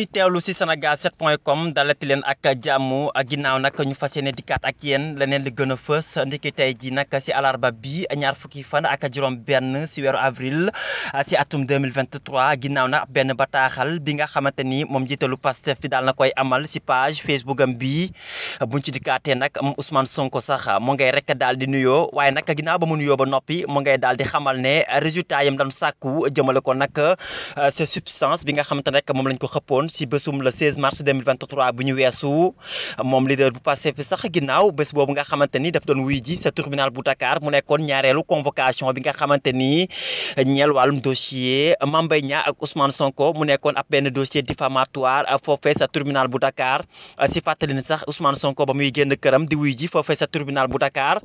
ñuy teewlu si Sénégal 7 point com dalati leen ak jàmm ginnaaw nag ñu fa yéene dikkaat ak yéen leneen li gën a fës ndiki tey ji nag si ba bi ñaar fukki fan ak juróom benn si weeru avril si atum 2023 ginnaaw nag benn bataaxal bi nga xamante ni moom jiitalu Pastef fi daal na koy amal si page Facebook am bi buñ ci dikkaatee nag Ousmane Sonko sax mu ngay rek daal di nuyoo waaye nag ginnaaw ba mu nuyoo ba noppi mu ngay daal di xamal ne résultat yam dañu sàkku jëmale ko nag sa euh, substance bi nga xamante ne moom lañ ko xëppoon si bésum le 16 mars 2023 bu ñu weesu moom leader bu passé fi sax ginnaaw bés boobu nga xamante ni doon wuy sa tribunal bu Dakar mu nekkoon ñaareelu convocation bi nga xamante ñeel wàllum dossier Mame Mbaye ak Ousmane Sonko mu nekkoon ab benn dossier diffamatoire foofee sa tribunal bu Dakar si ba muy génn këram di wuy sa tribunal bu Dakar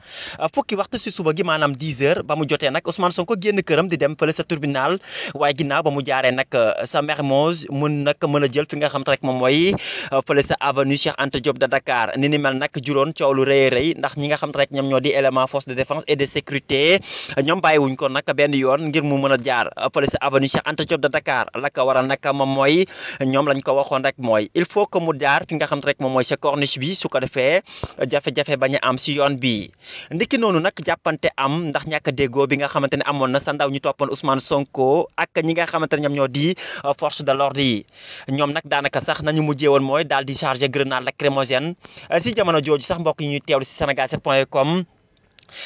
fukki waxtu si suba gi maanaam 10 heures ba mu jotee nag Ousmane Sonko génn këram di dem fële sa tribunal waaye ginnaaw ba mu jaaree nag sa Mermoz mun nag a jël fi nga xam te rek moom mooy euh, fële sa avenue Cheikh Anta Diop de Dakar ni ni mel nag juróon coow lu rëy rëy ndax ñi nga xam te rek ñoom ñoo di élément force de défense et de sécurité ñoom bàyyiwuñ ko nag benn yoon ngir mu mën jaar euh, fële sa avenue Cheikh Anta Diop de dakaar la ko waral nag moom mooy ñoom lañ ko waxoon rek mooy il faut que mu jaar fi nga xam te rek moom mooy sa corniche bi su ko defee euh, jafe-jafe bañ am si yoon bi ndiki noonu nag jàppante am ndax ñàkk déggoo bi nga xamante ne amoon na sa ndaw ñu toppoon Ousmane Sonko ak ñi nga xamante ne ñoom ñoo di force de l'ordre yi ñoom nag daanaka sax nañu mujjee woon mooy daal di chargé grenade lacrymogène si jamono jooju sax mbokk yi ñuy teewlu si sénégal7.com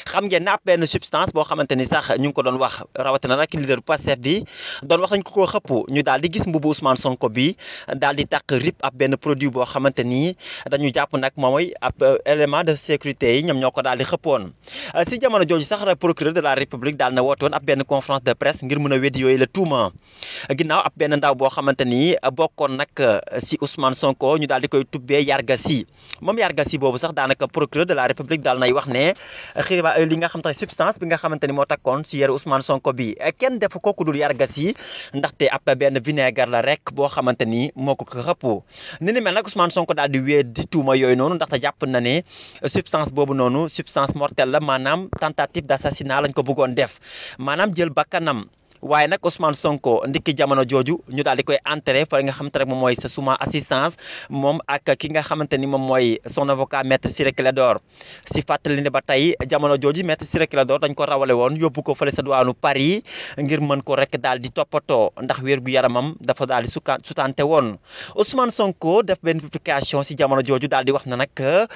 xam ngeen ne ab benn substance boo xamante ni sax ñu ngi ko doon wax rawatina nag leader Pastef bi doon wax nañ ko koo xëpp ñu daal di gis mbubu Ousmane Sonko bi dal di taq rip ab benn produit boo xamante ni dañu jàpp nag moom mooy ab euh, élément de sécurité yi ñoom ñoo ko daal di xëppoon euh, si jamono jooju sax rek procureur de la république daal na wootoon ab benn conférence de presse ngir mën a weddi yooyu la tuuma ginnaaw ab benn ndaw boo xamante ni bokkoon nag euh, si Ousmane Sonko ñu daal di koy tubbee yarga si moom yarga si boobu sax daanaka procureur de la république daal nay wax ne xibaar li nga xam te substance bi nga xamante moo takkoon si yére Ousmane Sonko bi eh, kenn def ko dul yargas yi ndaxte ab benn vinaigre la rek boo xamante ni moo ko xëpp ni ni mel nag Ousmane Sonko daal di wéy di tuuma yooyu noonu ndaxte jàpp na ne substance boobu noonu substance mortelle la maanaam tentative d' assassinat lañ ko bëggoon def maanaam jël bakkanam waaye nag Ousmane Sonko ndikki jamono jooju ñu daal di koy enterré fa nga xamante rek moom mooy sa suma assistance moom ak ki nga xamante ni moom mooy son avocat maître Ciré door si fàttali ne ba tey jamono jooju maître Ciré Clédor dañ ko rawale woon yóbbu ko fële sa duwaanu Paris ngir mën ko rek daal di toppatoo ndax wér gu yaramam dafa daal di suka sutante woon Ousmane Sonko def benn publication si jamono jooju daal di wax na nag euh,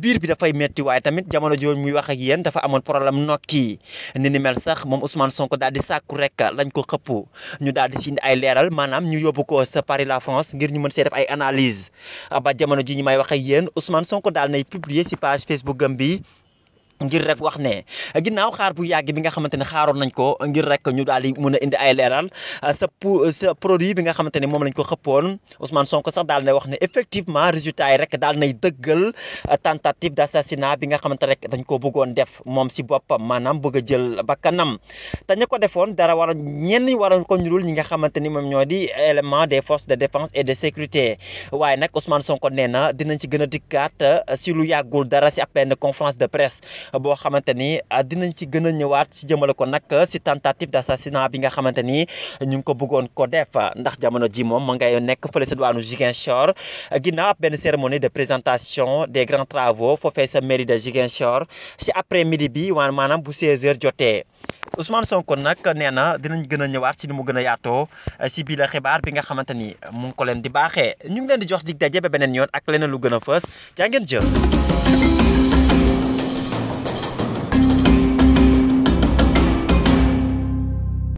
biir bi dafay metti waaye tamit jamono jooju muy wax ak yéen dafa amoon problème nokki ni ni mel sax moom Ousmane Sonko daal di sàkku rek lañ ko xëpp ñu daal di si ay leeral maanaam ñu yóbbu ko sa Paris la France ngir ñu mën see def ay analyse ba jamono ji ñu may wax ak yéen Ousmane Sonko daal nay publier si page Facebook am bi ngir rek wax ne ginnaaw xaar bu yàgg bi nga xamante ne xaaroon nañ ko ngir rek ñu daal di mën a indi ay leeral euh, sa euh, sa produit bi nga xamante ne moom lañ ko xëppoon Ousmane Sonko sax daal na wax ne effectivement résultat yi rek daal nay dëggal euh, tentative d' assassinat bi nga xamante rek dañ ko bëggoon def moom si boppam maanaam bëgg a jël bakkanam te ña ko defoon dara war a ñenn waroon ko ñu ñulul ñi nga xamante ni moom ñoo di élément des forces de défense et de sécurité waaye nag Ousmane Sonko nee na dinañ si gën a dikkaat si lu yàggul dara si ab benn de presse boo xamante ni ah, dinañ ci gën a ñëwaat ci jëmale ko nag si ah, tentative d' assassinat bi nga xamante ni ñu ngi ko bëggoon ko def ah, ndax jamono ji moom ma ngay nekk fële sa duwaanu Ziguinchor ginnaaw ab benn cérémonie de présentation des grands travaux foofee sa mairie de Ziguinchor si après midi bi waan maanaam bu 16h jotee Ousmane Sonko nag nee na dinañ gën a ñëwaat si ni mu gën a yaatoo si biir xibaar bi nga xamante ni mu ngi ko leen di baaxee ñu ngi leen di jox dig daje ba beneen yoon ak leneen lu gën a fës jaa ngeen